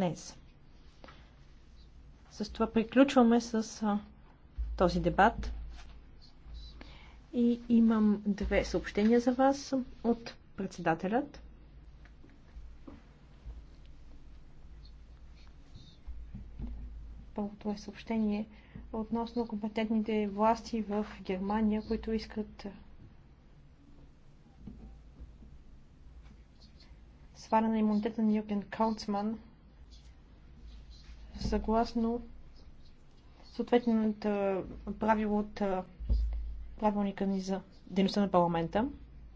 днес. С това приключваме с този дебат. И имам две съобщения за вас от председателят. Първото е съобщение относно компетентните власти в Германия, които искат сваляне на имунитета на Юген Каунцман – съгласно съответното правило от правилника ни за дейността на парламента.